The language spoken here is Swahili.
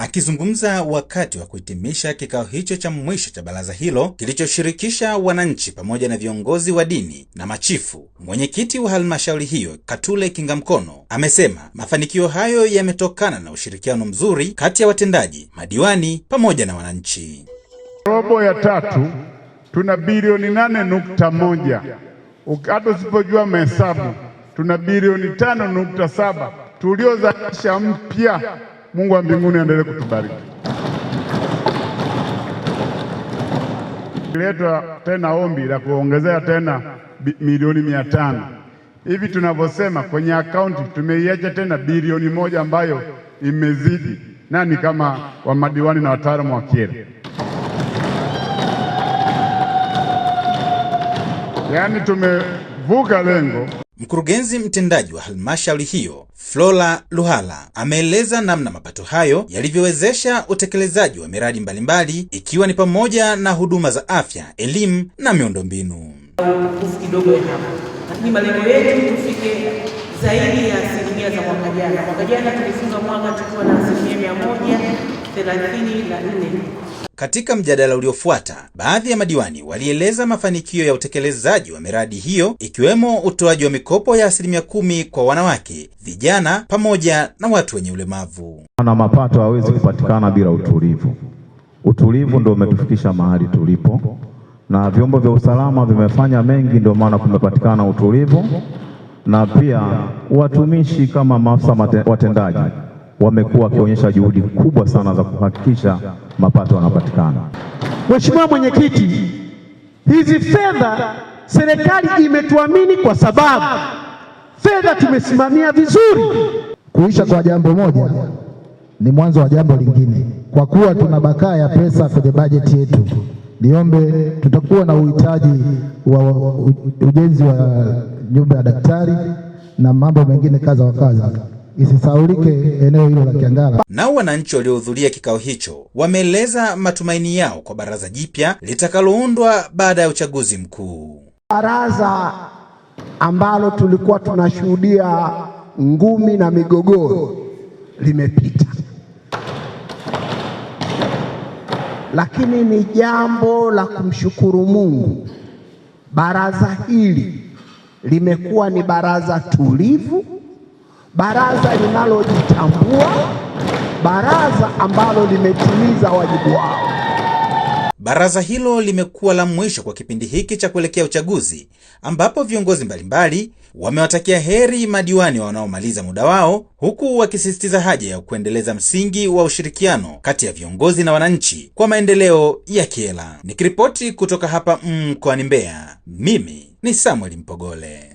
Akizungumza wakati wa kuhitimisha kikao hicho cha mwisho cha baraza hilo kilichoshirikisha wananchi pamoja na viongozi wa dini na machifu, mwenyekiti wa halmashauri hiyo Katule Kingamkono amesema mafanikio hayo yametokana na ushirikiano mzuri kati ya watendaji, madiwani pamoja na wananchi. Robo ya tatu tuna bilioni nane nukta moja hata usipojua mahesabu tuna bilioni tano nukta saba tuliozalisha mpya Mungu wa mbinguni aendelee kutubariki. Iletwa tena ombi la kuongezea tena milioni mia tano hivi tunavyosema kwenye akaunti tumeiacha tena bilioni moja ambayo imezidi nani kama wa madiwani na wataalamu wa kiera, yaani tumevuka lengo. Mkurugenzi mtendaji wa halmashauri hiyo Flora Luhala ameeleza namna mapato hayo yalivyowezesha utekelezaji wa miradi mbalimbali ikiwa ni pamoja na huduma za afya, elimu na miundombinu. kidogo ya hapa, lakini malengo yetu tufike zaidi ya asilimia za mwaka jana. Mwaka jana tulifunga mwaka tukiwa na asilimia mia moja thelathini na nne katika mjadala uliofuata, baadhi ya madiwani walieleza mafanikio ya utekelezaji wa miradi hiyo ikiwemo utoaji wa mikopo ya asilimia kumi kwa wanawake, vijana pamoja na watu wenye ulemavu. Na mapato hawezi kupatikana bila utulivu. Utulivu ndio umetufikisha mahali tulipo, na vyombo vya usalama vimefanya mengi, ndio maana kumepatikana utulivu, na pia watumishi kama maafisa watendaji wamekuwa wakionyesha juhudi kubwa sana za kuhakikisha mapato yanapatikana. Mheshimiwa Mwenyekiti, hizi fedha serikali imetuamini kwa sababu fedha tumesimamia vizuri. Kuisha kwa jambo moja ni mwanzo wa jambo lingine. Kwa kuwa tuna bakaa ya pesa kwenye bajeti yetu, niombe tutakuwa na uhitaji wa ujenzi wa nyumba ya daktari na mambo mengine kadha wa kadha isisaulike eneo hilo la Kiangala. Nao wananchi waliohudhuria kikao hicho wameeleza matumaini yao kwa baraza jipya litakaloundwa baada ya uchaguzi mkuu. Baraza ambalo tulikuwa tunashuhudia ngumi na migogoro limepita, lakini ni jambo la kumshukuru Mungu, baraza hili limekuwa ni baraza tulivu baraza linalojitambua, baraza ambalo limetimiza wajibu wao. Baraza hilo limekuwa la mwisho kwa kipindi hiki cha kuelekea uchaguzi, ambapo viongozi mbalimbali wamewatakia heri madiwani wanaomaliza muda wao, huku wakisisitiza haja ya kuendeleza msingi wa ushirikiano kati ya viongozi na wananchi kwa maendeleo ya Kyela. Nikiripoti kutoka hapa mkoani mm, Mbeya, mimi ni Samuel Mpogole.